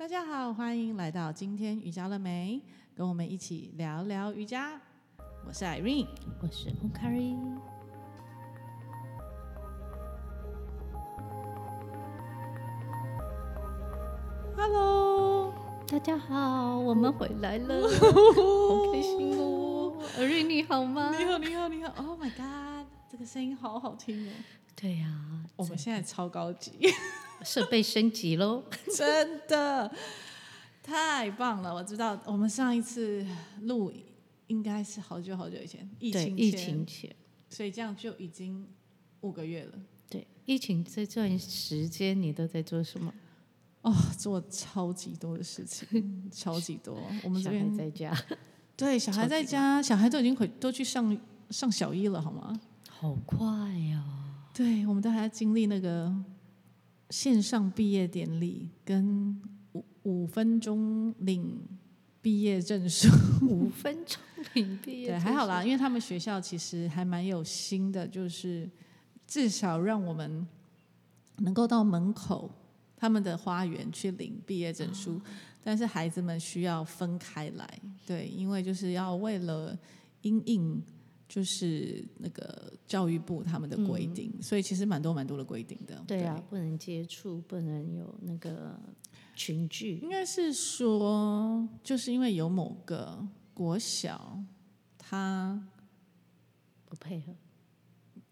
大家好，歡迎來到今天瑜伽了沒？跟我們一起聊聊瑜伽。我是 Irene，我是 OmKari。Hello，大家好，我們回來了，哦、好開心哦。艾、哦、瑞、哦，你好嗎？你好，你好，你好。Oh my god，這個聲音好好聽哦。對呀、啊，我們現在超高級。這個設備升級嘍 ！真的太棒了！我知道我們上一次錄應該是好久好久以前，疫情前，疫情前，所以這樣就已經五個月了。對，疫情在這段時間你都在做什麼？哦，做超級多的事情， 超級多。我們小孩在家，對，小孩在家，小孩都已經回都去上上小一了，好嗎？好快呀，哦！對，我們都還要經歷那個。線上畢業典禮跟五五分鐘領畢業證書，五分鐘領畢業 對，還好啦，因為他們學校其實還蠻有心的，就是至少讓我們能夠到門口他們的花園去領畢業證書、嗯，但是孩子們需要分開來，對，因為就是要為了因應。就是那個教育部，他們的規定、嗯，所以其實蠻多蠻多的規定的。對啊對，不能接觸，不能有那個群聚。應該是說，就是因為有某個國小他不配合，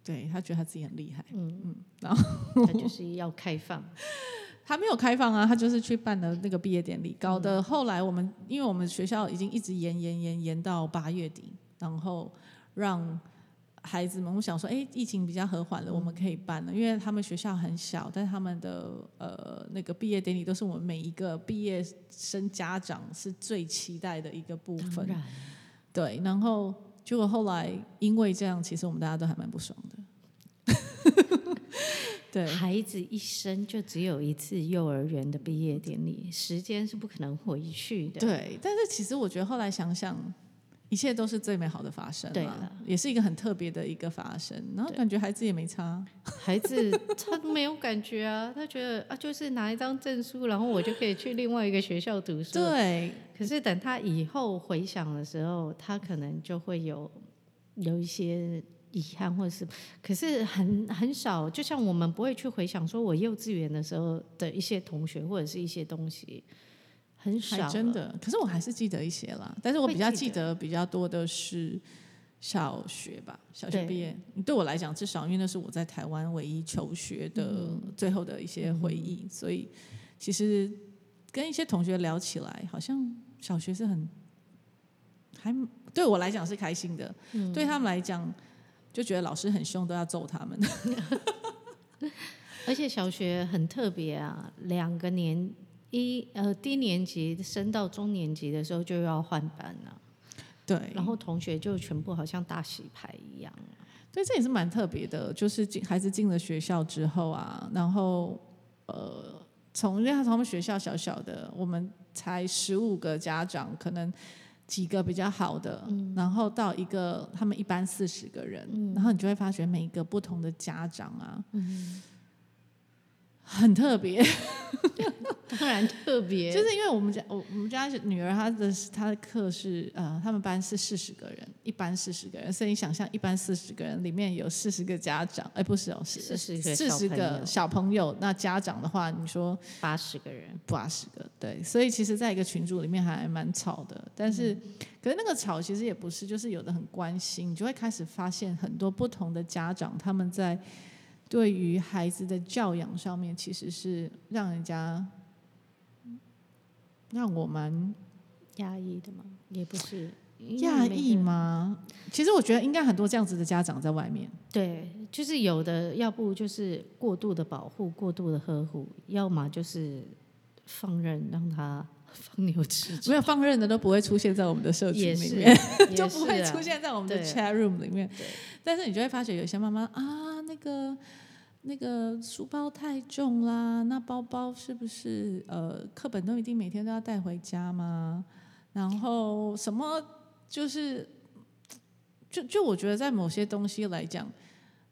對，他覺得他自己很厲害。嗯嗯，然後他就是要開放， 他沒有開放啊，他就是去辦了那個畢業典禮，搞得後來我們因為我們學校已經一直延延延延到八月底，然後。讓孩子們，我想說，哎、欸，疫情比較和緩了，我們可以辦了，因為他們學校很小，但他們的呃那個畢業典禮都是我們每一個畢業生家長是最期待的一個部分。對，然後結果後來因為這樣，其實我們大家都還蠻不爽的。 對，孩子一生就只有一次幼兒園的畢業典禮，時間是不可能回去的。對，但是其實我覺得後來想想。一切都是最美好的發生啊，對了，也是一個很特別的一個發生。然後感覺孩子也沒差， 孩子他沒有感覺啊，他覺得啊，就是拿一張證書，然後我就可以去另外一個學校讀書。對，可是等他以後回想的時候，他可能就會有有一些遺憾，或者是，可是很很少，就像我們不會去回想，說我幼稚園的時候的一些同學或者是一些東西。很少，真的。可是我還是記得一些啦，但是我比較記得比較多的是小學吧，小學畢業。對對我來講，至少因為那是我在台灣唯一求學的最後的一些回憶。嗯，所以其實跟一些同學聊起來，好像小學是很還對我來講是開心的，嗯、對他們來講就覺得老師很凶，都要揍他們。嗯、 而且小學很特別啊，兩個年一呃，低年級升到中年級的時候就要換班了，對，然後同學就全部好像大洗牌一樣、啊，對，這也是蠻特別的，就是進孩子進了學校之後啊，然後呃，從因為他們學校小小的，我們才十五個家長，可能幾個比較好的，嗯、然後到一個、啊、他們一班四十個人、嗯，然後你就會發覺每一個不同的家長啊，嗯、很特別。 當然特別， 就是因為我們家我我們家女兒她，她的她的課是呃，他們班是四十個人，一班四十個人，所以你想象一班四十個人裡面有四十個家長，哎、欸，不是哦，四十四十個小朋友，那家長的話，你說八十個人，八十個，對，所以其實在一個群組裡面還蠻吵的，但是、嗯、可是那個吵其實也不是，就是有的很關心，你就會開始發現很多不同的家長，他們在對於孩子的教養上面其實是讓人家。那我們壓抑的嗎？也不是壓抑嗎？其實我覺得應該很多這樣子的家長在外面。對，就是有的，要不就是過度的保護、過度的呵護，要麼就是放任讓他放牛吃。沒有放任的都不會出現在我們的社群裡面，啊、 就不會出現在我們的 chat room 裡面。但是你就會發覺有些媽媽啊，那個。那個書包太重啦，那包包是不是呃課本都一定每天都要帶回家嗎？然後什麼就是，就就我覺得在某些東西來講，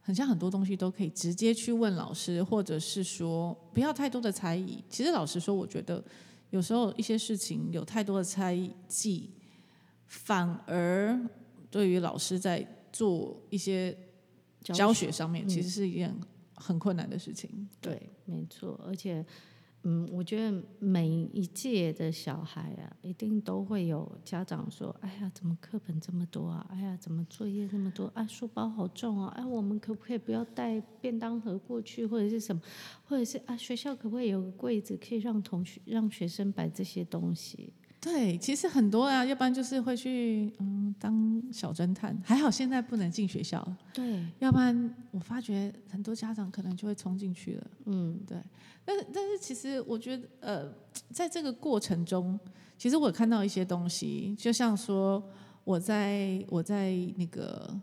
很像很多東西都可以直接去問老師，或者是說不要太多的猜疑。其實老實說，我覺得有時候一些事情有太多的猜忌，反而對於老師在做一些教學上面，其實是一件。嗯很困難的事情，對，對沒錯，而且，嗯，我覺得每一屆的小孩啊，一定都會有家長說：“哎呀，怎麼課本這麼多啊？哎呀，怎麼作業那麼多啊？書包好重啊！哎、啊，我們可不可以不要帶便當盒過去，或者是什麼，或者是啊，學校可不可以有個櫃子，可以讓同學讓學生擺這些東西？”對，其實很多啊，要不然就是會去嗯當小偵探，還好現在不能進學校，對，要不然我發覺很多家長可能就會衝進去了，嗯，對，但是但是其實我覺得呃，在這個過程中，其實我看到一些東西，就像說我在我在那個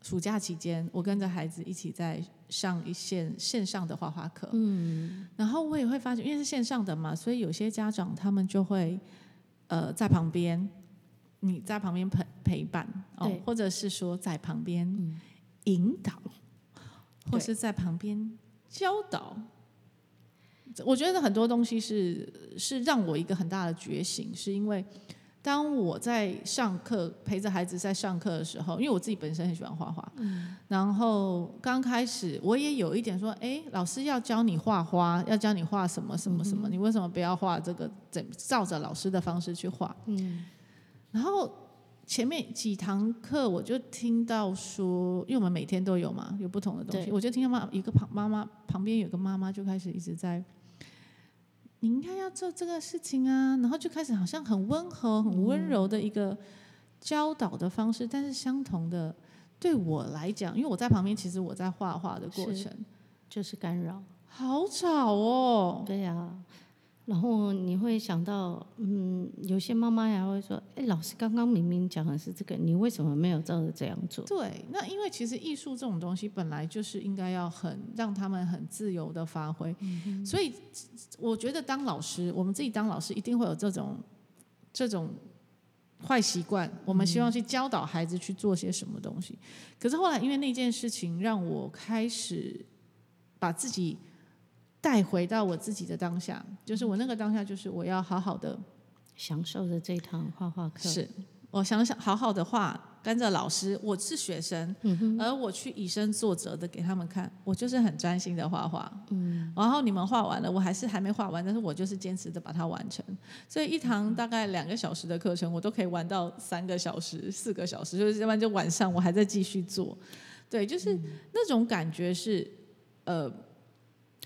暑假期間，我跟着孩子一起在上一些線,線上的畫畫課，嗯，然後我也會發現，因為是線上的嘛，所以有些家長他們就會。呃，在旁邊，你在旁邊陪陪伴，哦，或者是說在旁邊引導、嗯，或是在旁邊教導。我覺得很多東西是是讓我一個很大的覺醒，是因為。當我在上課，陪着孩子在上課的時候，因為我自己本身很喜歡畫畫，嗯、然後剛開始我也有一點說，哎，老師要教你畫花，要教你畫什麼什麼什麼，嗯、你為什麼不要畫這個？整照着老師的方式去畫，嗯？然後前面幾堂課我就聽到說，因為我們每天都有嘛，有不同的東西，我就聽到媽一個旁媽媽旁邊有個媽媽就開始一直在。你應該要做這個事情啊，然後就開始好像很溫和、很溫柔的一個教導的方式，嗯，但是相同的對我來講，因為我在旁邊，其實我在畫畫的過程是，就是干擾，好吵哦。對呀。啊。然後你會想到，嗯，有些媽媽呀會說：“哎，老師剛剛明明講的是這個，你為什麼沒有照着這樣做？”對，那因為其實藝術這種東西本來就是應該要很讓他們很自由的發揮，嗯、所以我覺得當老師，我們自己當老師一定會有這種這種壞習慣，我們希望去教導孩子去做些什麼東西。嗯、可是後來因為那件事情，讓我開始把自己。帶回到我自己的當下，就是我那個當下，就是我要好好的享受着這一堂畫畫課。是，我想想，好好的畫，跟着老師，我是學生，嗯、而我去以身作則的給他們看，我就是很專心的畫畫。嗯。然後你們畫完了，我還是還沒畫完，但是我就是堅持的把它完成。所以一堂大概兩個小時的課程，我都可以玩到三個小時、四個小時，就是要不然就晚上我還在繼續做。對，就是那種感覺是，嗯、呃。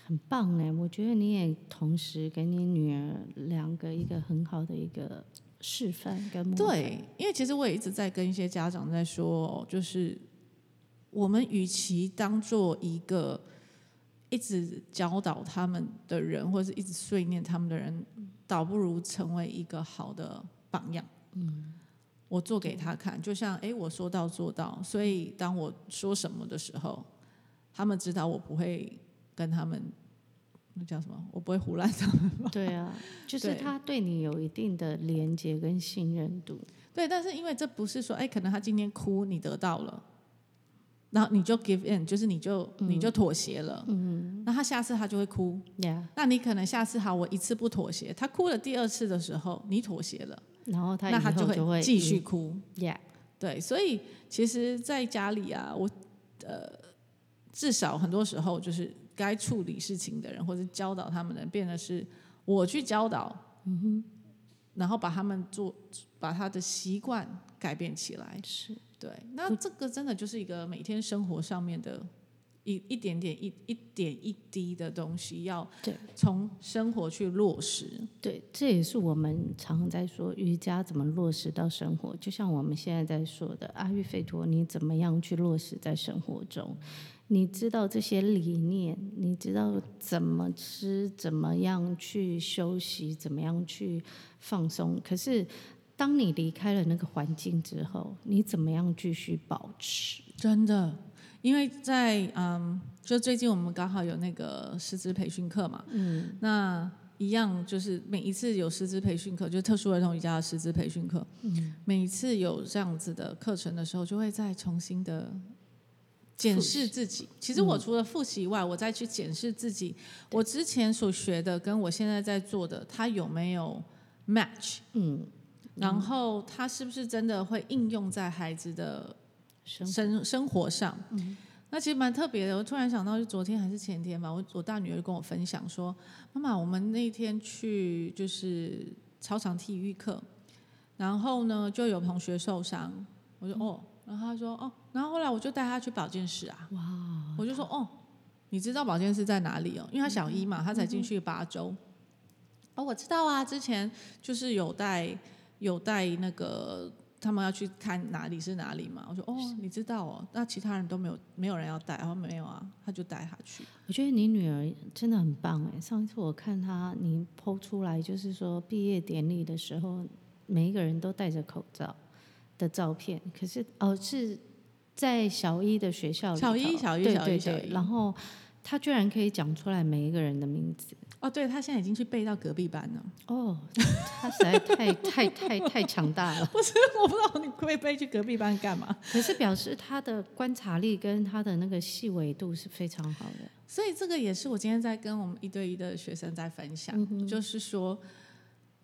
很棒哎，我覺得你也同時給你女兒兩個一個很好的一個示範跟目標。對，因為其實我也一直在跟一些家長在說，就是我們與其當做一個一直教導他們的人，或者是一直碎念他們的人，倒不如成為一個好的榜樣。嗯，我做給他看，就像哎，我說到做到，所以當我說什麼的時候，他們知道我不會。跟他們，那叫什麼？我不會唬爛他們吧。對啊，就是他對你有一定的連接跟信任度，對。對，但是因為這不是說，哎、欸，可能他今天哭，你得到了，然後你就 give in，就是你就、嗯、你就妥協了。嗯，那他下次他就會哭。Yeah。那你可能下次好，我一次不妥協，他哭了第二次的時候，你妥協了，然後他後就他就會繼續哭。Yeah。對，所以其實，在家裡啊，我呃，至少很多時候就是。該處理事情的人，或者教導他們的人，變得是我去教導、嗯哼，然後把他們做，把他的習慣改變起來。是，對，那這個真的就是一個每天生活上面的一一點點一一點一滴的東西，要，對，從生活去落實，對。對，這也是我們常在說瑜伽怎麼落實到生活，就像我們現在在說的阿育吠陀，你怎麼樣去落實在生活中？你知道這些理念，你知道怎麼吃，怎麼樣去休息，怎麼樣去放鬆。可是，當你離開了那個環境之後，你怎麼樣繼續保持？真的，因為在嗯，就最近我們剛好有那個師資培訓課嘛，嗯，那一樣就是每一次有師資培訓課，就特殊兒童瑜伽師資培訓課，嗯，每一次有這樣子的課程的時候，就會再重新的。檢視自己，其實我除了複習以外，嗯，我再去檢視自己，我之前所學的跟我現在在做的，它有沒有 match？嗯，然後它是不是真的會應用在孩子的生生活，生活上。嗯。那其實蠻特別的。我突然想到，是昨天還是前天吧，我我大女兒跟我分享說：“媽媽，我們那天去就是操場體育課，然後呢就有同學受傷。”我我、嗯、說：“哦。”然後她說：“哦。”然後後來我就帶她去保健室啊，我就說哦，你知道保健室在哪裡哦？因為他小一嘛，他才進去八週。哦，我知道啊，之前就是有帶有帶那個他們要去看哪裡是哪裡嘛。我說哦，你知道哦？那其他人都沒有，沒有人要帶。然後沒有啊，她就帶她去。我覺得你女兒真的很棒哎！上次我看她，你 PO 出來就是說畢業典禮的時候，每一個人都戴着口罩的照片。可是哦，是。在小一的學校裡，小一小一小一小一，然後他居然可以講出來每一個人的名字。哦，對，他現在已經去背到隔壁班了。哦，他實在太 太太太強大了。不是，我不知道你會背去隔壁班幹嘛。可是表示他的觀察力跟他的那個細微度是非常好的。所以這個也是我今天在跟我們一對一對的學生在分享，嗯、就是說。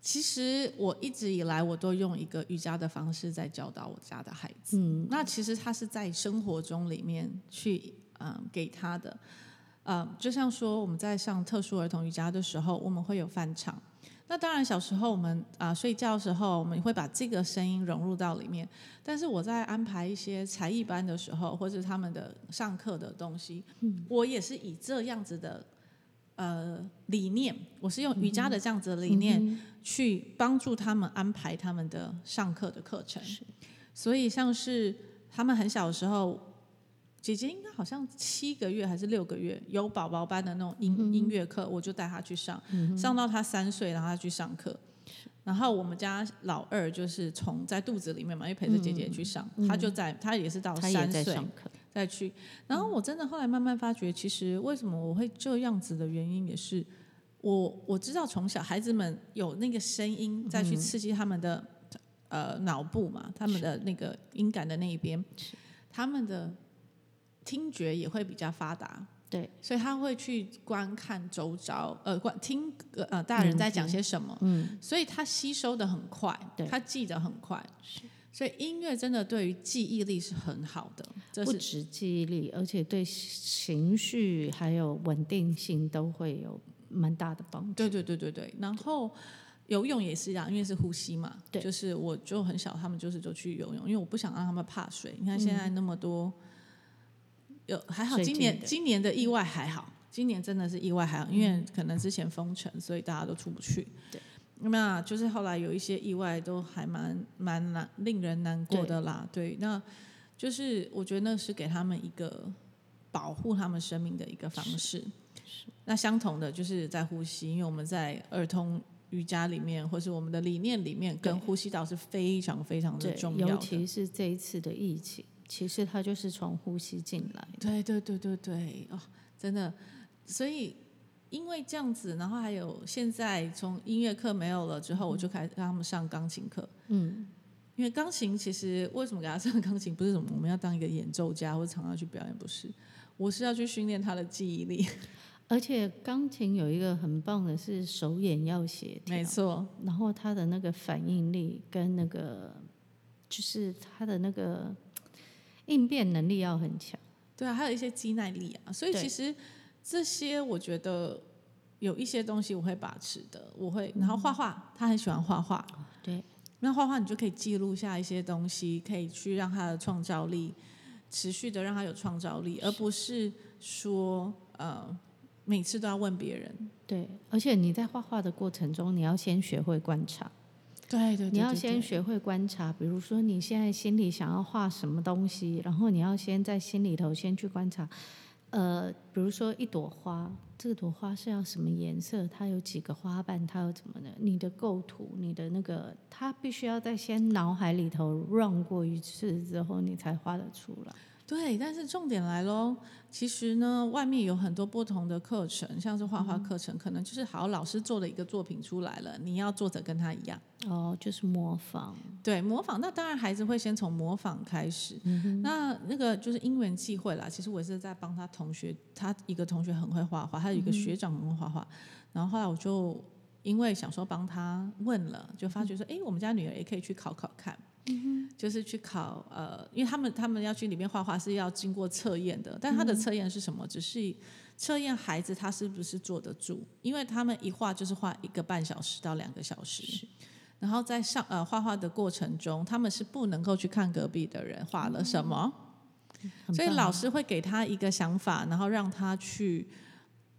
其實我一直以來我都用一個瑜伽的方式在教導我家的孩子。嗯，那其實他是在生活中裡面去嗯、呃、給他的、呃，就像說我們在上特殊兒童瑜伽的時候，我們會有梵唱。那當然小時候我們啊、呃、睡覺的時候，我們會把這個聲音融入到裡面。但是我在安排一些才藝班的時候，或者他們的上課的東西，嗯、我也是以這樣子的。呃，理念，我是用瑜伽的這樣子的理念去幫助他們安排他們的上課的課程。是，所以像是他們很小的時候，姐姐應該好像七個月還是六個月有寶寶班的那種音、嗯、音樂課，我就帶他去上、嗯，上到他三歲，然後他去上課。然後我們家老二就是從在肚子裡面嘛，又陪着姐姐去上，嗯嗯，他就在，他也是到三歲，再去，然後我真的後來慢慢發覺，其實為什麼我會這樣子的原因，也是我我知道從小孩子們有那個聲音再去刺激他們的、嗯、呃腦部嘛，他們的那個音感的那一邊，他們的聽覺也會比較發達，對，所以他會去觀看周遭，呃，聽呃大人在講些什麼，嗯、所以他吸收得很快，他記得很快。所以音樂真的對於記憶力是很好的，這是，不止記憶力，而且對情緒還有穩定性都會有蠻大的幫助。對對對對對。然後游泳也是一樣，因為是呼吸嘛。對。就是我就很小，他們就是就去游泳，因為我不想讓他們怕水。你看現在那麼多，嗯、有還好，今年今年的意外還好，今年真的是意外還好，因為可能之前封城，所以大家都出不去。對。那、啊、就是後來有一些意外，都還蠻蠻難，令人難過的啦對。對，那就是我覺得那是給他們一個保護他們生命的一個方式。那相同的就是在呼吸，因為我們在兒童瑜伽裡面，或者是我們的理念裡面，跟呼吸道是非常非常的重要的，要。尤其是這一次的疫情，其實它就是從呼吸進來。對，對對對對對，哦，真的，所以。因為這樣子，然後還有現在從音樂課沒有了之後，我就開始讓他們上鋼琴課。嗯，因為鋼琴其實為什麼給他上鋼琴？不是什麼我們要當一個演奏家或者常常去表演，不是，我是要去訓練他的記憶力。而且鋼琴有一個很棒的是手眼要協調，沒錯。然後他的那個反應力跟那個就是他的那個應變能力要很強。對啊，還有一些肌耐力啊，所以其實。這些我覺得有一些東西我會把持的，我會。然後畫畫，他很喜歡畫畫，對。那畫畫你就可以記錄下一些東西，可以去讓他的創造力持續地讓他有創造力，而不是說呃每次都要問別人。對，而且你在畫畫的過程中，你要先學會觀察。對對，對，對對，你要先學會觀察。比如說你現在心裡想要畫什麼東西，然後你要先在心裡頭先去觀察。呃，比如說一朵花，這朵花是要什麼顏色？它有幾個花瓣？它有怎麼的？你的構圖，你的那個，它必須要在先腦海裡頭 run 過一次之後，你才畫得出來。對，但是重點來嘍。其實呢，外面有很多不同的課程，像是畫畫課程，嗯、可能就是好老師做的一個作品出來了，你要做的跟他一樣。哦，就是模仿。對，模仿。那當然，孩子會先從模仿開始。嗯、哼那那個就是因緣際會啦。其實我也是在幫他同學，他一個同學很會畫畫，他有一個學長很會畫畫，嗯，然後後來我就因為想說幫他問了，就發覺說，哎，我們家女兒也可以去考考看。Mm -hmm. 就是去考呃，因為他們他們要去裡面畫畫是要經過測驗的，但他的測驗是什麼？Mm -hmm. 只是測驗孩子他是不是坐得住，因為他們一畫就是畫一個半小時到兩個小時，然後在上呃畫畫的過程中，他們是不能夠去看隔壁的人畫了什麼，mm -hmm. 所以老師會給他一個想法，然後讓他去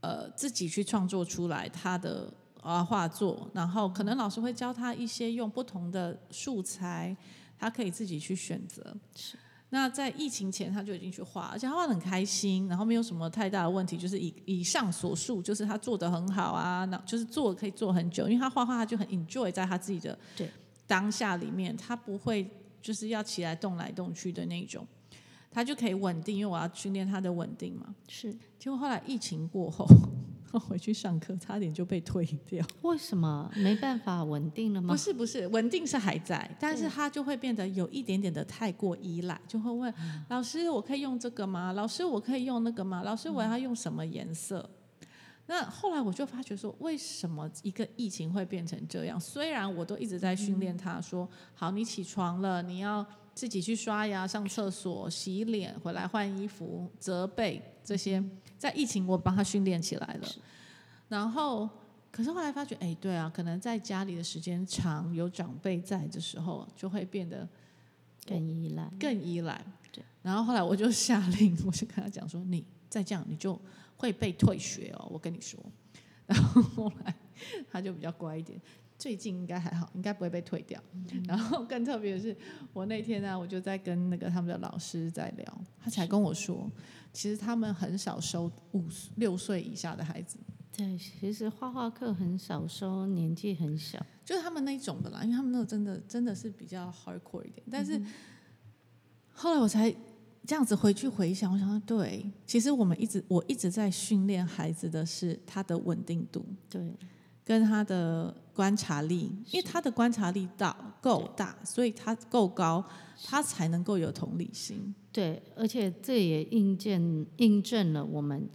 呃自己去創作出來他的。啊，畫作，然後可能老師會教他一些用不同的素材，他可以自己去選擇。是。那在疫情前他就已經去畫，而且他畫得很開心，然後沒有什麼太大的問題。就是以以上所述，就是他做得很好啊，就是做可以做很久，因為他畫畫他就很 enjoy 在他自己的當下裡面，他不會就是要起來動來動去的那種。他就可以穩定，因為我要訓練他的穩定嘛。是，結果後來疫情過後，我回去上課差點就被退掉。為什麼？沒辦法穩定了嗎？不是不是，穩定是還在，但是他就會變得有一點點的太過依賴，就會問老師：“我可以用這個嗎？”老師：“我可以用那個嗎？”老師：“我要用什麼顏色、嗯？”那後來我就發覺說，為什麼一個疫情會變成這樣？雖然我都一直在訓練他、嗯、說：“好，你起床了，你要。”自己去刷牙、上廁所、洗臉、回來換衣服、摺被這些，在疫情我幫他訓練起來了。然後，可是後來發覺，哎，對啊，可能在家裡的時間長，有長輩在的時候，就會變得更依賴，更依賴。對。然後後來我就下令，我就跟他講說：“你再這樣，你就會被退學哦，我跟你說。”然後後來他就比較乖一點。最近應該還好，應該不會被退掉。然後更特別的是，我那天呢、啊，我就在跟那個他們的老師在聊，他才跟我說，其實他們很少收五六歲以下的孩子。對，其實畫畫課很少收年紀很小，就是他們那種的啦，因為他們那個真的真的是比較 hardcore 一點。但是後來我才這樣子回去回想，我想說，對，其實我們一直我一直在訓練孩子的是他的穩定度，對，跟他的。觀察力，因為他的觀察力大夠大，所以他夠高，他才能夠有同理心。對，而且這也印證印證了我們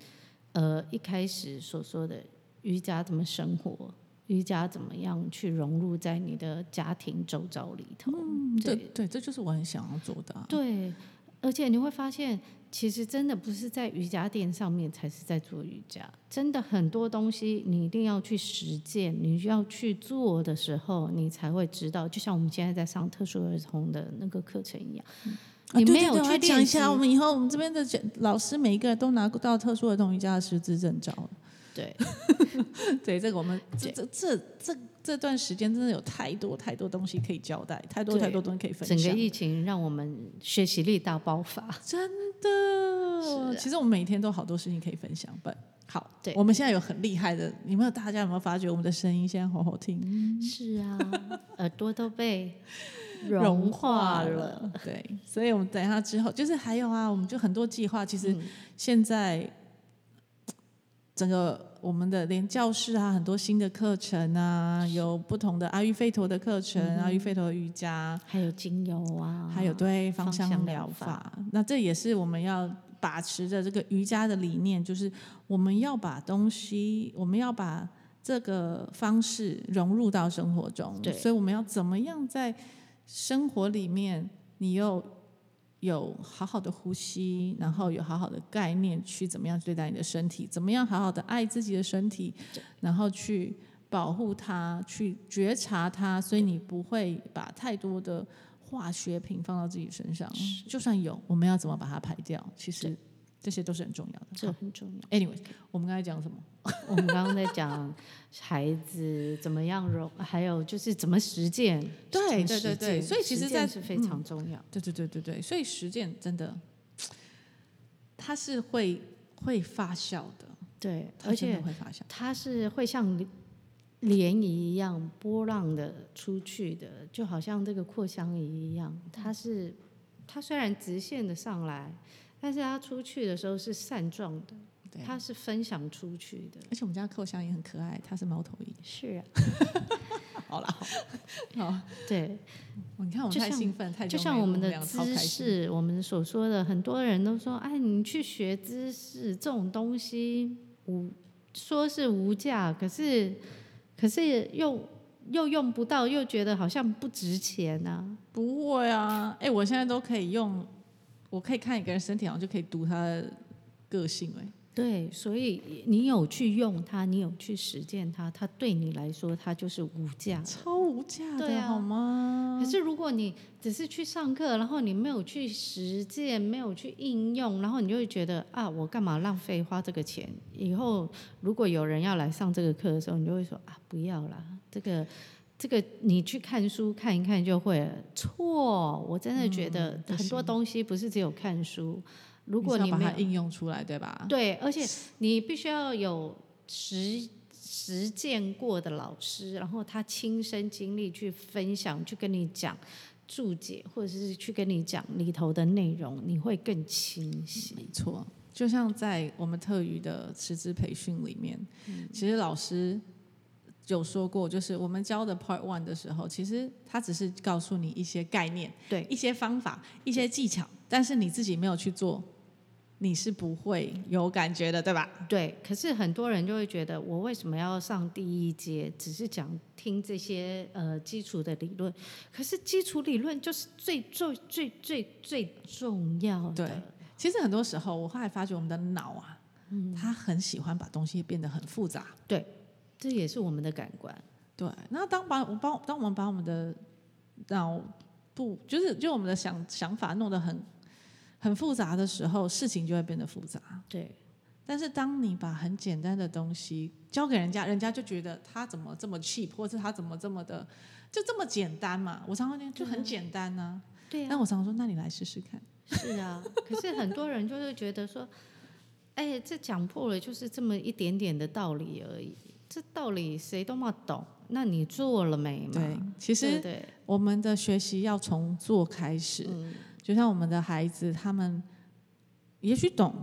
呃一開始所說的瑜伽怎麼生活，瑜伽怎麼樣去融入在你的家庭周遭裡頭。對、嗯、對，對，這就是我很想要做的、啊。對，而且你會發現。其實真的不是在瑜伽墊上面才是在做瑜伽，真的很多東西你一定要去實踐，你要去做的時候，你才會知道。就像我們現在在上特殊兒童的那個課程一樣，嗯啊、你沒有確定一下，對對對我要練一下，我們以後我們這邊的老師每一個人都拿到特殊兒童瑜伽的師資證照了。對， 對，這個我們這這這這段時間真的有太多太多東西可以交代，太多太多東西可以分享。整個疫情讓我們學習力大爆發，真的。是啊、其實我們每天都好多事情可以分享。本好，對，我們現在有很厲害的，你們大家有沒有發覺我們的聲音現在好好聽？是啊， 耳朵都被融化了。化了 對，所以我們等一下之後，就是還有啊，我們就很多計劃，其實現在整個。我們的連教室啊，很多新的課程啊，有不同的阿育吠陀的課程、嗯、阿育吠陀的瑜伽，還有精油啊，還有對芳香療法。那這也是我們要把持着這個瑜伽的理念，就是我們要把東西，我們要把這個方式融入到生活中。對，所以我們要怎麼樣在生活裡面，你又。有好好的呼吸，然後有好好的概念，去怎麼樣對待你的身體，怎麼樣好好的愛自己的身體，然後去保護它，去覺察它，所以你不會把太多的化學品放到自己身上。就算有，我們要怎麼把它排掉？其實。這些都是很重要的，這很重要。Anyways，okay. 我們剛才講什麼？我們剛剛在講孩子怎麼樣融， 還有就是怎麼實踐。對對對對，所以其實實踐是非常重要。對、嗯、對對對對，所以實踐真的，它是會會發酵的。對，而且會發酵。它是會像漣漪一樣波浪的出去的，就好像這個擴香儀一樣，它是它雖然直線的上來。但是他出去的時候是散狀的，他是分享出去的。而且我們家扣箱也很可愛，它是貓頭鷹。是，啊， 好了，好，對，哦、你看我們太興奮，就像我們的知識，我們所說的，很多人都說，哎，你去學知識這種東西，無說是無價，可是可是又又用不到，又覺得好像不值錢呢、啊。不會啊，哎、欸，我現在都可以用。 我可以看一個人身體，好像就可以讀他的個性哎、欸。對，所以你有去用它，你有去實踐它，它對你來說，它就是無價，超無價的，對啊，好嗎？可是如果你只是去上課，然後你沒有去實踐，沒有去應用，然後你就會覺得啊，我幹嘛浪費花這個錢？以後如果有人要來上這個課的時候，你就會說啊，不要啦，這個。這個你去看書看一看就會了。錯，我真的覺得很多東西不是只有看書。嗯、如果你，你把它應用出來，對吧？對，而且你必須要有實實踐過的老師，然後他親身經歷去分享，去跟你講註解，或者是去跟你講裡頭的內容，你會更清晰。沒錯，就像在我們特瑜的師資培訓裡面、嗯，其實老師。有說過，就是我們教的 Part One 的時候，其實他只是告訴你一些概念，對一些方法、一些技巧，但是你自己沒有去做，你是不會有感覺的，對吧？對。可是很多人就會覺得，我為什麼要上第一節？只是講聽這些呃基礎的理論，可是基礎理論就是最最最最最重要的。對，其實很多時候，我後來發覺，我們的腦啊，嗯，他很喜歡把東西變得很複雜，對。這也是我們的感官，對。那當把我們把當我們把我們的腦部，就是就我們的想想法弄得很很複雜的時候，事情就會變得複雜。對。但是當你把很簡單的東西教給人家，人家就覺得他怎麼這麼 cheap，是或者他怎麼這麼的就這麼簡單嘛？我常常就很簡單呢、啊嗯。對、啊。但我常常說，那你來試試看。是啊。 可是很多人就是覺得說，哎，這講破了就是這麼一點點的道理而已。這道理誰都沒懂，那你做了沒？對，其實我們的學習要從做開始。就像我們的孩子，他們也許懂，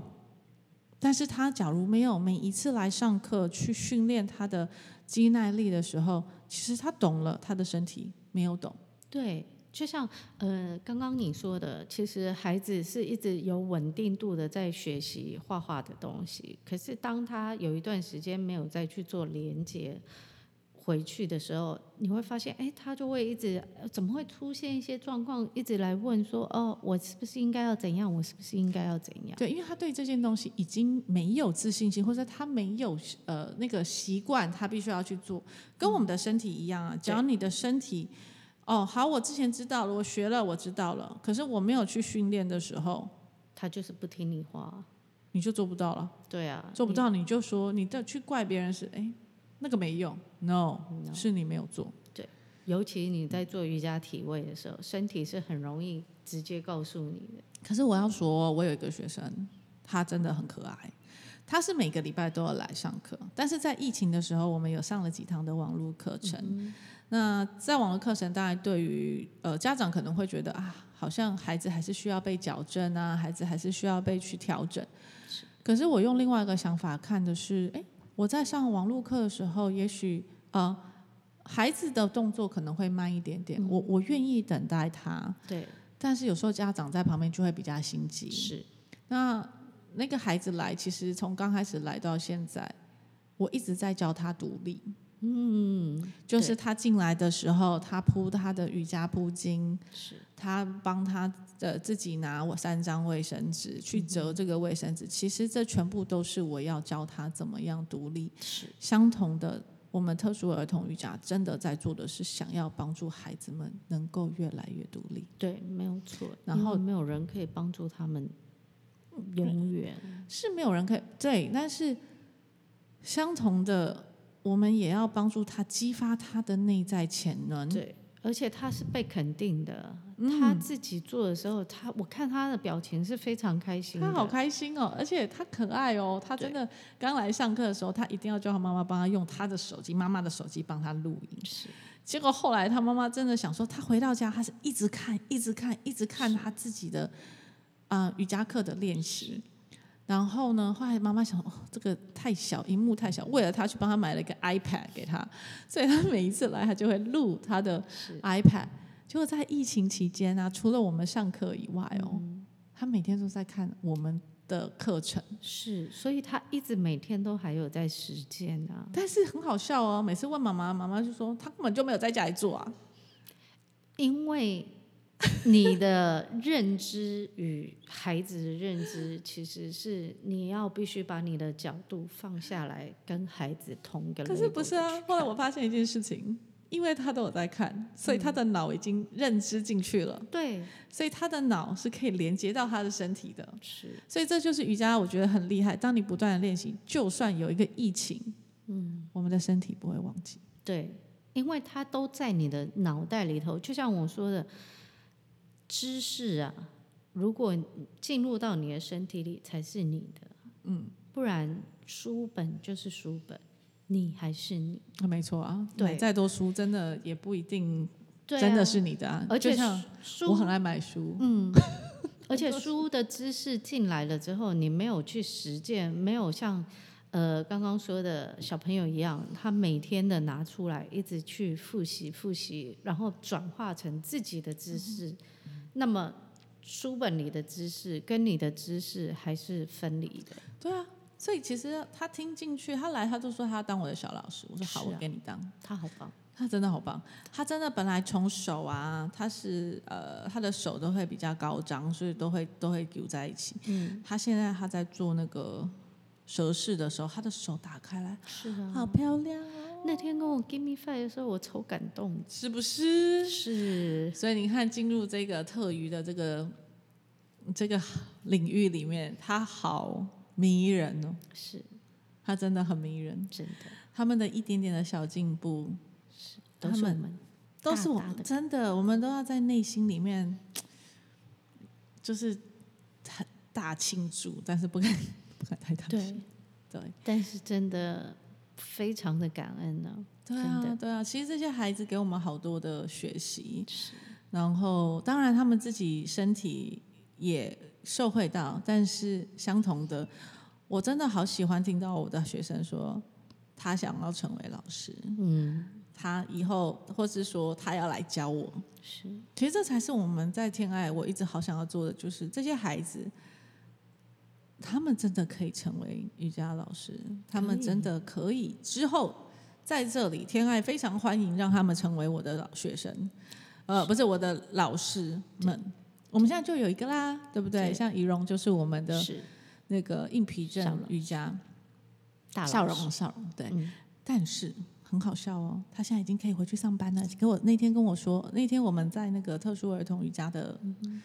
但是他假如沒有每一次來上課去訓練他的肌耐力的時候，其實他懂了，他的身體沒有懂。對。就像呃，剛剛你說的，其實孩子是一直有穩定度的在學習畫畫的東西。可是當他有一段時間沒有再去做連接回去的時候，你會發現，哎，他就會一直怎麼會出現一些狀況，一直來問說，哦，我是不是應該要怎樣？我是不是應該要怎樣？對，因為他對這件東西已經沒有自信心，或者他沒有呃那個習慣，他必須要去做。跟我們的身體一樣啊，只、嗯、要你的身體。哦、oh，好，我之前知道了，我學了，我知道了。可是我沒有去訓練的時候，他就是不聽你話，啊，你就做不到了。對啊，做不到你，你就說你再去怪別人是哎、欸，那個沒用。No, no，是你沒有做。對，尤其你在做瑜伽體位的時候，身體是很容易直接告訴你的。可是我要說，我有一個學生，他真的很可愛，他是每個禮拜都要來上課，但是在疫情的時候，我們有上了幾堂的網絡課程。嗯那在網絡課程大，大家對於呃家長可能會覺得啊，好像孩子還是需要被矯正啊，孩子還是需要被去調整。是。可是我用另外一個想法看的是，欸、我在上網絡課的時候也，也許呃孩子的動作可能會慢一點點，嗯、我我願意等待他。對。但是有時候家長在旁邊就會比較心急。是。那那個孩子來，其實從剛開始來到現在，我一直在教他獨立。嗯，就是他進來的時候，他鋪他的瑜伽鋪巾，是，他幫他的自己拿我三張衛生紙去折這個衛生紙，其實這全部都是我要教他怎麼樣獨立。是，相同的，我們特殊兒童瑜伽真的在做的是想要幫助孩子們能夠越來越獨立。對，沒有錯。然後沒有人可以幫助他們永，永遠是沒有人可以對，但是相同的。我們也要幫助他激發他的內在潛能。對，而且他是被肯定的，他自己做的時候，他我看他的表情是非常開心的。他好開心哦，而且他可愛哦，他真的剛來上課的時候，他一定要叫他媽媽幫他用他的手機，媽媽的手機幫他錄影。是，結果後來他媽媽真的想說，他回到家，他是一直看，一直看，一直看他自己的啊、呃、瑜伽課的練習。然後呢，後來媽媽想，哦，這個太小，螢幕，太小，為了他去幫他買了一個 iPad 給他，所以他每一次來，他就會錄他的 iPad。結果在疫情期間呢、啊，除了我們上課以外哦，他、嗯、每天都在看我們的課程，是，所以他一直每天都還有在實踐啊。但是很好笑哦、啊，每次問媽媽，媽媽就說他根本就沒有在家裡做啊，因為。 你的認知與孩子的認知，其實是你要必須把你的角度放下來，跟孩子同個。可是不是啊？後來我發現一件事情，因為他都有在看，所以他的腦已經認知進去了，嗯。對，所以他的腦是可以連接到他的身體的。是，所以這就是瑜伽，我覺得很厲害。當你不斷的練習，就算有一個疫情，嗯，我們的身體不會忘記。對，因為它都在你的腦袋裡頭，就像我說的。知識啊，如果進入到你的身體裡才是你的，嗯，不然書本就是書本，你還是你。沒錯啊，對，買再多書真的也不一定真的是你的啊，而且就我很愛買書，書嗯， 而且書的知識進來了之後，你沒有去實踐，沒有像呃、剛剛說的小朋友一樣，他每天的拿出來一直去複習複習，然後轉化成自己的知識。嗯那麼書本裡的知識跟你的知識還是分離的。對啊，所以其實他聽進去，他來他就說他要當我的小老師，我說好、啊，我給你當。他好棒，他真的好棒。他真的本來從手啊，他是呃他的手都會比較高張，所以都會都會扭在一起。嗯，他現在他在做那個蛇式的時候，他的手打開來，是的、啊，好漂亮啊。那天跟我 give me five 的時候，我超感動，是不是？是。所以你看，進入這個特余的這個這個領域裡面，他好迷人哦。是。他真的很迷人。真的。他們的一點點的小進步，是。都是我們，大大他們。都是我們。真的，我們都要在內心裡面，就是很大慶祝，但是不敢不敢太貪心。對。對。但是真的。非常的感恩呢，哦，對啊，對啊，其實這些孩子給我們好多的學習，然後當然他們自己身體也受惠到，但是相同的，我真的好喜歡聽到我的學生說他想要成為老師，嗯，他以後或是說他要來教我，是，其實這才是我們在天愛我一直好想要做的，就是這些孩子。他們真的可以成為瑜伽老師，他們真的可以。可以之後在這裡，天愛非常歡迎讓他們成為我的老學生，呃，是不是我的老師們。我們現在就有一個啦，對，對不對，對？像怡蓉就是我們的那個硬皮症瑜伽，大笑容，笑容對，嗯。但是很好笑哦，他現在已經可以回去上班了。跟我那天跟我說，那天我們在那個特殊兒童瑜伽的。嗯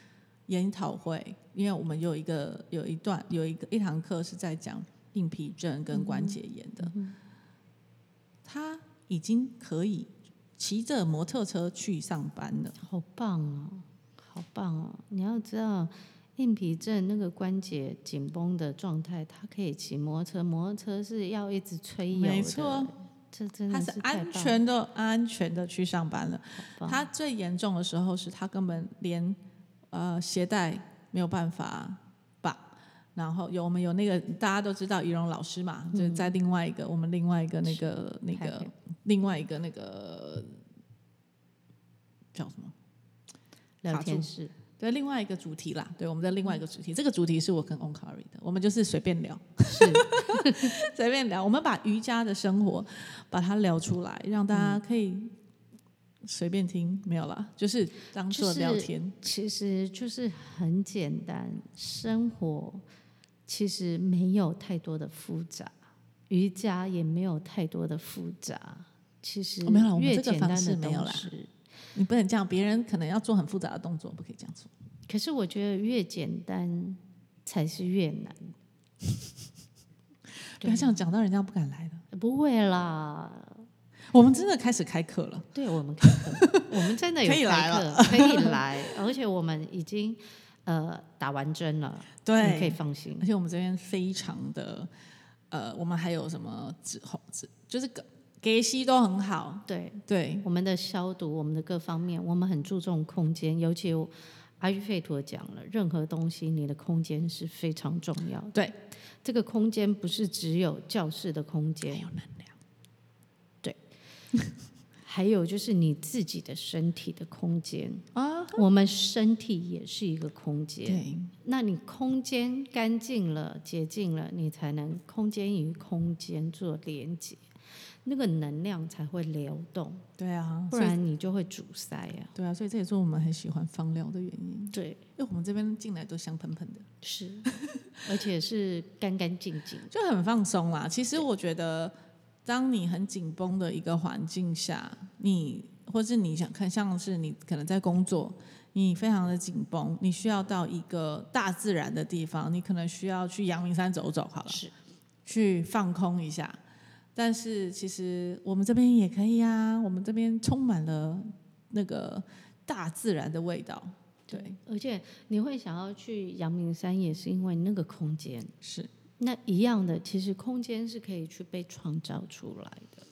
研討會，因為我們有一個有一段有一個一堂課是在講硬皮症跟關節炎的、嗯嗯，他已經可以騎着摩托車去上班了，好棒哦！好棒哦！你要知道硬皮症那個關節緊繃的狀態，他可以騎摩托車，摩托車是要一直催油的沒錯，這真的是他是安全的，安全的去上班了。他最嚴重的時候是他根本連。呃，攜帶沒有辦法綁，然後有我們有那個大家都知道怡容老師嘛，就是在另外一個我們另外一個那個那個另外一個那個叫什麼聊天室？對，另外一個主題啦。對，我們的另外一個主題，嗯、這個主題是我跟 OmKari 的，我們就是隨便聊，是 隨便聊。我們把瑜伽的生活把它聊出來，讓大家可以。嗯隨便聽，沒有啦，就是當初的聊天，就是。其實就是很簡單，生活其實沒有太多的複雜，瑜伽也沒有太多的複雜。其實沒有啦，越簡單的東西，哦、這你不能這樣，別人可能要做很複雜的動作，不可以這樣做。可是我覺得越簡單才是越難。 不要這樣講到人家不敢來的，不會啦。我們真的開始開課了，對，我們開課， 我們真的有開課，可以來，可以來。 而且我們已經呃打完針了，對，你可以放心。而且我們這邊非常的呃，我們還有什麼紙、紅紙，就是隔隔西都很好。對對，我們的消毒，我們的各方面，我們很注重空間。尤其我阿育吠陀講了，任何東西你的空間是非常重要的。對，這個空間不是只有教室的空間。 還有就是你自己的身體的空間啊，uh -huh. 我們身體也是一個空間。對，那你空間乾淨了、潔淨了，你才能空間與空間做連接，那個能量才會流動。對啊，不然你就會阻塞啊。對啊，所以這也是我們很喜歡芳療的原因。對，因為我們這邊進來都香噴噴的，是， 而且是乾乾淨淨，就很放鬆啦。其實我覺得。當你很緊繃的一個環境下，你或是你想看，像是你可能在工作，你非常的緊繃，你需要到一個大自然的地方，你可能需要去陽明山走走好了，是，去放空一下。但是其實我們這邊也可以呀，啊，我們這邊充滿了那個大自然的味道，對。而且你會想要去陽明山，也是因為那個空間是。那一樣的，其實空間是可以去被創造出來的。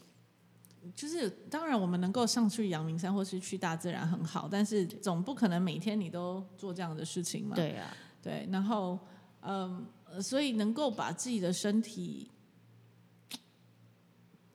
就是當然，我們能夠上去陽明山或是去大自然很好，嗯，但是總不可能每天你都做這樣的事情嘛。對啊，對。然後，嗯，所以能夠把自己的身體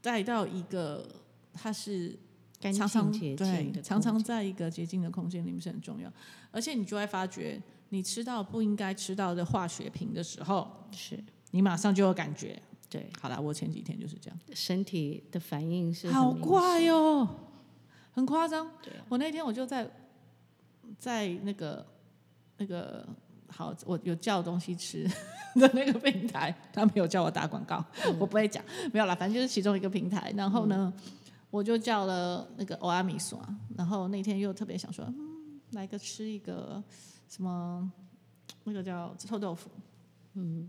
帶到一個它是乾淨、潔淨的對，常常在一個潔淨的空間裡面是很重要。而且，你就會發覺，你吃到不應該吃到的化學品的時候，是。你馬上就有感覺，對，好啦，我前幾天就是這樣，身體的反應是好怪喲、哦，很誇張。對，我那天我就在在那個那個好，我有叫東西吃的那個平台，他沒有叫我打廣告，嗯、 我不會講，沒有啦，反正就是其中一個平台。然後呢，嗯、我就叫了那個歐阿米索，然後那天又特別想說，嗯、來個吃一個什麼那個叫臭豆腐，嗯。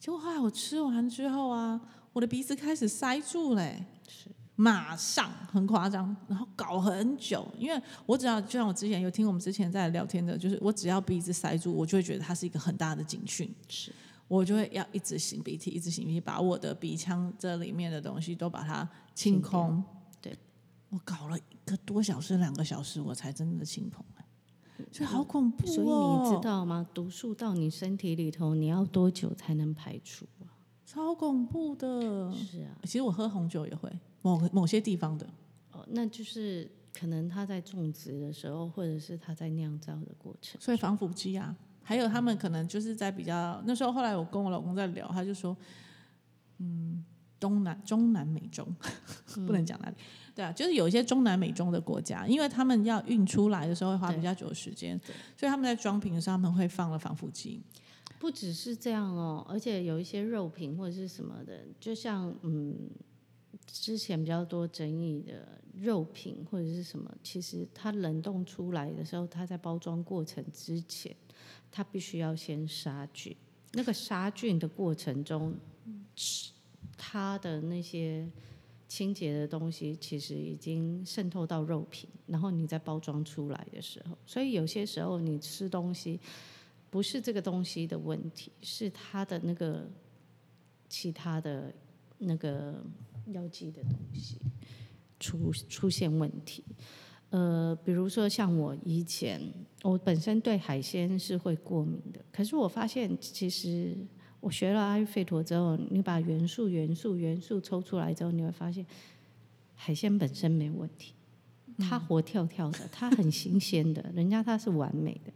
結果後來我吃完之後啊，我的鼻子開始塞住嘞，是，馬上很誇張，然後搞很久，因為我只要就像我之前有聽我們之前在聊天的，就是我只要鼻子塞住，我就會覺得它是一個很大的警訊，是，我就會要一直擤鼻涕，一直擤鼻涕，把我的鼻腔這裡面的東西都把它清空，清空，對，我搞了一個多小時、兩個小時，我才真的清空。所以好恐怖哦！所以你知道嗎？毒素到你身體裡頭，你要多久才能排除啊？超恐怖的。是啊，其實我喝紅酒也會，某某些地方的。哦，那就是可能他在種植的時候，或者是他在釀造的過程。所以防腐劑啊、嗯，還有他們可能就是在比較那時候。後來我跟我老公在聊，他就說，嗯。東南中南美中、嗯、 不能講哪裡，對啊，就是有一些中南美洲的國家，因為他們要運出來的時候會花比較久的時間，所以他們在裝瓶的時候他們會放了防腐劑。不只是這樣哦，而且有一些肉品或者是什麼的，就像嗯，之前比較多爭議的肉品或者是什麼，其實它冷凍出來的時候，它在包裝過程之前，它必須要先殺菌。那個殺菌的過程中、嗯，它的那些清潔的東西，其實已經滲透到肉品，然後你再包裝出來的時候，所以有些時候你吃東西不是這個東西的問題，是它的那個其他的那個藥劑的東西出出現問題。呃，比如說像我以前，我本身對海鮮是會過敏的，可是我發現其實。我學了阿育吠陀之後，你把元素、元素、元素抽出來之後，你會發現海鮮本身沒問題。他活跳跳的，他很新鮮的， 人家他是完美的，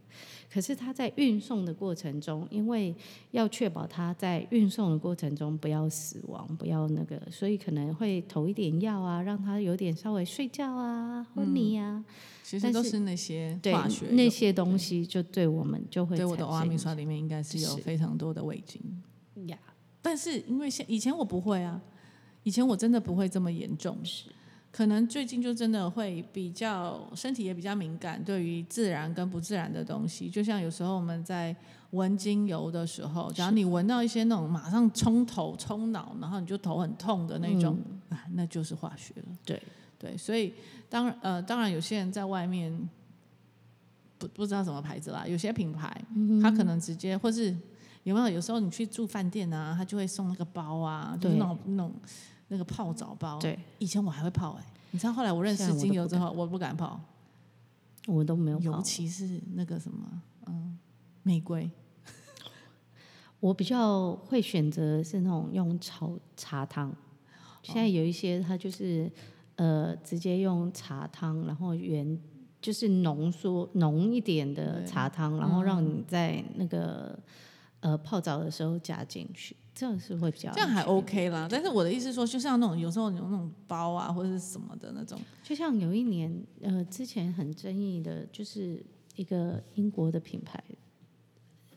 可是他在運送的過程中，因為要確保他在運送的過程中不要死亡，不要那個，所以可能會投一點藥啊，讓他有點稍微睡覺啊、昏迷啊。嗯、其實都是那些化學那些東西，就對我們就會對。對我的娃哈哈裡面應該是有非常多的味精呀，是 yeah. 但是因為現以前我不會啊，以前我真的不會這麼嚴重。可能最近就真的會比較身體也比較敏感，對於自然跟不自然的東西，就像有時候我們在聞精油的時候，只要你聞到一些那種馬上衝頭衝腦，然後你就頭很痛的那種，啊，那就是化學了。對對，所以當呃當然有些人在外面不不知道什麼牌子啦，有些品牌他可能直接或是有沒有，有時候你去住飯店啊，他就會送那個包啊，就是那種那種。那個泡澡包，嗯，對，以前我還會泡哎，欸，你知道後來我認識精油之後我，我不敢泡，我都沒有泡，尤其是那個什麼，嗯，玫瑰。我比較會選擇是那種用炒茶湯，現在有一些它就是，哦，呃直接用茶湯，然後原就是濃縮濃一點的茶湯，然後讓你在那個呃泡澡的時候加進去。這是會比較、OK、這樣還 OK 啦，對對對對，但是我的意思是說，就像那種有時候有那種包啊或者是什麼的那種，就像有一年呃之前很爭議的，就是一個英國的品牌，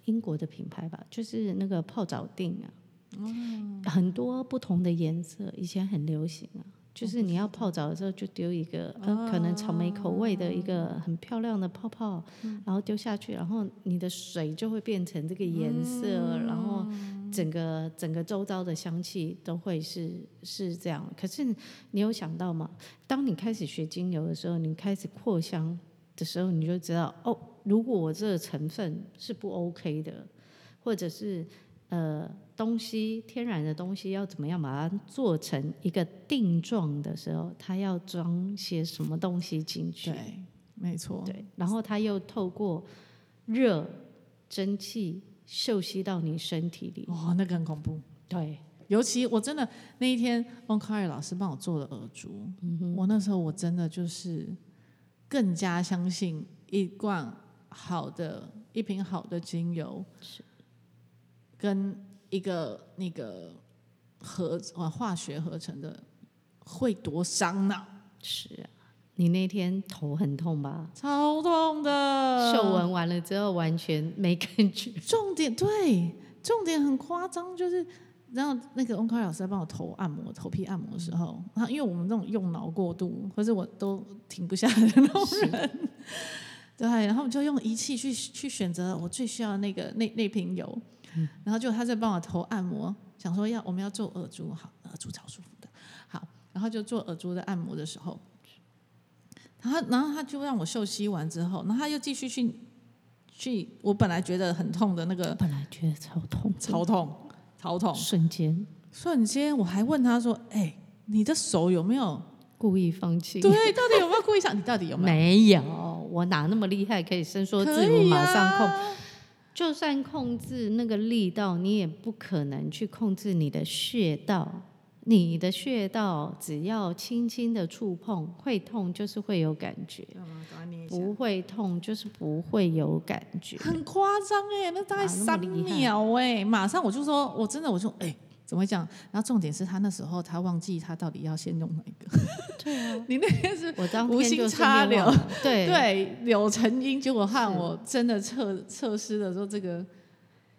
英國的品牌吧，就是那個泡澡錠啊，嗯、很多不同的顏色，以前很流行啊，就是你要泡澡的時候就丟一個、嗯呃，可能草莓口味的一個很漂亮的泡泡，嗯、然後丟下去，然後你的水就會變成這個顏色，嗯、然後。整個整個周遭的香氣都會是是這樣，可是你有想到嗎？當你開始學精油的時候，你開始擴香的時候，你就知道哦，如果我這個成分是不 OK 的，或者是呃東西天然的東西要怎麼樣把它做成一個定狀的時候，它要裝些什麼東西進去？對，沒錯。對，然後它又透過熱蒸汽。嗅吸到你身體裡，哦，那個很恐怖。對，尤其我真的那一天，OmKari 老師幫我做的耳燭，嗯，我那時候我真的就是更加相信一罐好的一瓶好的精油，是啊，跟一個那個合化學合成的會多傷腦。是啊。你那天頭很痛吧？超痛的！秀文，完了之後完全沒感覺。重點對，重點很誇張，就是然後那個 OmKari 老師在幫我頭按摩頭皮按摩的時候，然、嗯、後因為我們那種用腦過度，或者是我都停不下來的那種人，對，然後我們就用儀器去去選擇我最需要那個那那瓶油、嗯，然後就他在幫我頭按摩，想說要我們要做耳珠，好耳珠，超舒服的，好，然後就做耳珠的按摩的時候。然後，他就讓我休息完之後，然後他又繼續去去，我本來覺得很痛的那個，本來覺得超痛，超痛，超痛，瞬間，瞬間，我還問他說：“哎，你的手有沒有故意放氣？對，到底有沒有故意想？ 你到底有沒有？沒有，我哪那麼厲害可以伸縮自如，馬上控、啊，就算控制那個力道，你也不可能去控制你的穴道。”你的穴道只要輕輕的觸碰，會痛就是會有感覺；不會痛就是不會有感覺。很誇張哎，那大概三秒哎、欸，馬上我就說，我真的我說哎、欸，怎麼會這樣？然後重點是他那時候他忘記他到底要先弄哪一個。對啊， 你那天是，是無心插柳，對對，柳成蔭。結果看我真的測測試的時候，說這個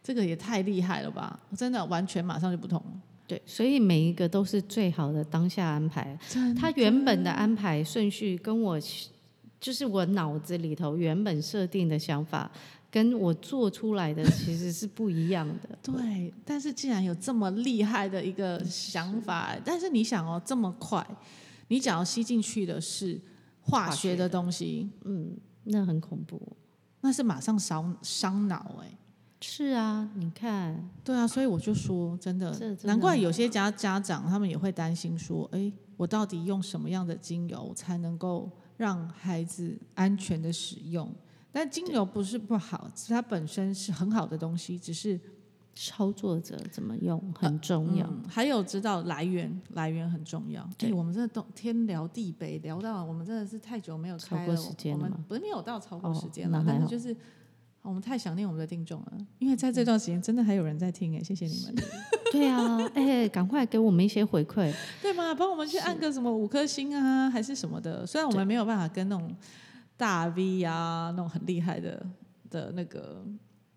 這個也太厲害了吧！真的完全馬上就不痛。對，所以每一個都是最好的當下安排。他原本的安排順序跟我，就是我腦子裡頭原本設定的想法，跟我做出來的其實是不一樣的。 對，但是既然有這麼厲害的一個想法，但是你想哦，這麼快，你只要吸進去的是化學的東西，嗯，那很恐怖，那是馬上燒傷腦哎。是啊，你看，對啊，所以我就說，真的，真的難怪有些家家長他們也會擔心說，哎，我到底用什麼樣的精油才能夠讓孩子安全地使用？但精油不是不好，它本身是很好的東西，只是操作者怎麼用很重要、呃嗯。還有知道來源，來源很重要。對，對我們真的都天南地北，聊到我們真的是太久沒有超過時間了我，我們不是沒有到超過時間了，哦，反正就是。我們太想念我們的聽眾了，因為在這段時間真的還有人在聽哎、欸，謝謝你們。對啊，哎、欸，趕快給我們一些回饋， 對嗎？幫我們去按個什麼五顆星啊，還是什麼的。雖然我們沒有辦法跟那種大 V 啊、那種很厲害的的那個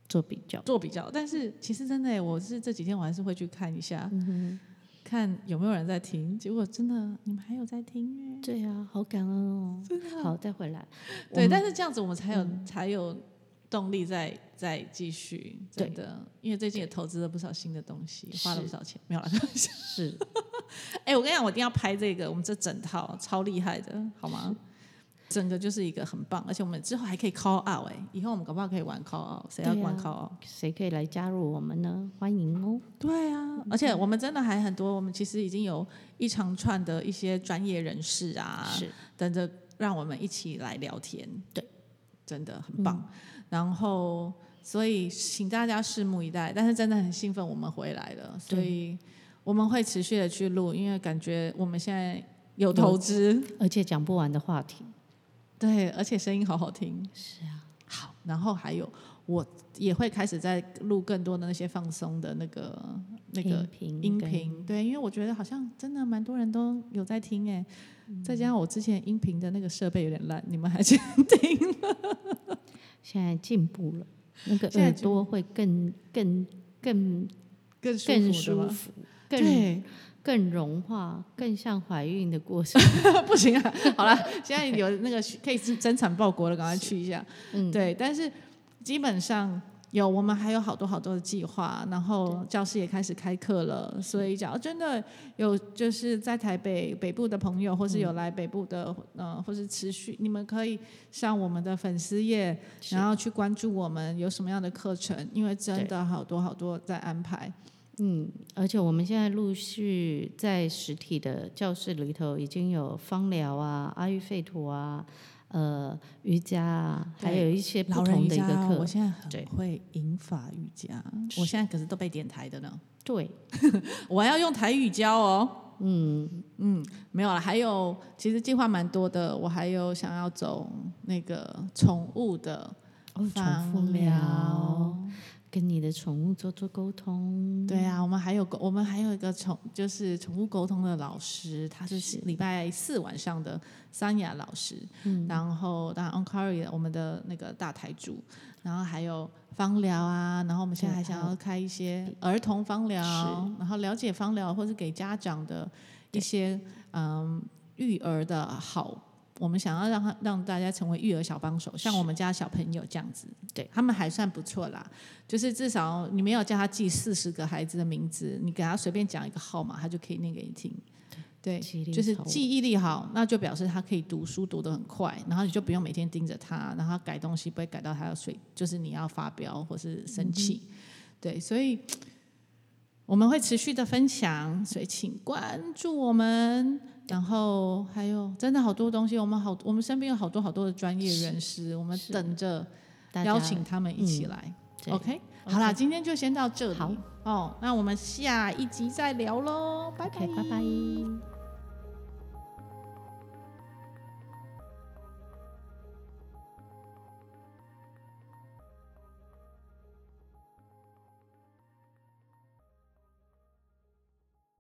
做比較、做比較，但是其實真的、欸，我是這幾天我還是會去看一下、嗯，看有沒有人在聽。結果真的，你們還有在聽、欸、對啊，好感恩哦、喔，好。再回來，對，但是這樣子我們才有、嗯、才有。動力在在繼續，真的對，因為最近也投資了不少新的東西，花了不少錢，沒有了是，哎、 欸，我跟你講，我一定要拍這個，我們這整套超厲害的，好嗎？整個就是一個很棒，而且我們之後還可以 call out 哎、欸，以後我們可不可以玩 call out，誰要玩 call out，誰可以來加入我們呢？歡迎哦！對啊，okay. 而且我們真的還很多，我們其實已經有一長串的一些專業人士啊，是等着讓我們一起來聊天。對，真的很棒。嗯然後，所以請大家拭目以待。但是真的很興奮，我們回來了，所以我們會持續的去錄，因為感覺我們現在有投資，而且講不完的話題。對，而且聲音好好聽。是啊，好。然後還有，我也會開始在錄更多的那些放鬆的那個那個音頻，音頻。對，因為我覺得好像真的蠻多人都有在聽誒。嗯，再加上我之前音頻的那個設備有點爛，你們還是聽。 現在進步了，那個耳朵會更更更更更舒服，更更融化，更像懷孕的過程， 不行啊！好了，現在有那個可以增產報國了，趕快去一下。嗯，對，但是基本上。有，我們還有好多好多的計劃，然後教室也開始開課了，所以講真的有，就是在台北北部的朋友，或是有來北部的，嗯、呃，或是持續，你們可以上我們的粉絲頁，然後去關注我們有什麼樣的課程，因為真的好多好多在安排。嗯，而且我們現在陸續在實體的教室裡頭已經有芳療啊、阿育吠陀啊。呃，瑜伽啊，還有一些不同的一個課。哦、我現在很會銀髮瑜伽，我現在可是都被點台的呢。對， 我還要用台語教哦。嗯嗯，沒有了、啊。還有，其實計劃蠻多的。我還有想要走那個寵物的芳療。哦，重跟你的寵物做做溝通，對啊，我們還有，個我們還有一個寵，就是寵物溝通的老師，他是禮拜四晚上的三亞老師，然後當然 OmKari 我們的那個大台主，然後還有芳療啊，然後我們現在還想要開一些兒童芳療，然後了解芳療，或是給家長的一些嗯育兒的好。我們想要讓他讓大家成為育兒小幫手，像我們家小朋友這樣子，對他們還算不錯啦。就是至少你沒有叫他記四十個孩子的名字，你給他隨便講一個號碼，他就可以念給你聽。對，就是記憶力好，那就表示他可以讀書讀得很快，然後你就不用每天盯着他，然後改東西不會改到他要睡，就是你要發飆或是生氣，嗯。對，所以。我們會持續的分享，所以請關注我們。然後還有真的好多東西，我們好，我們身邊有好多好多的專業人士，我們等着邀請他們一起來。嗯、OK，好啦，okay. 今天就先到這裡，好哦。那我們下一集再聊嘍，拜拜，拜、okay, 拜。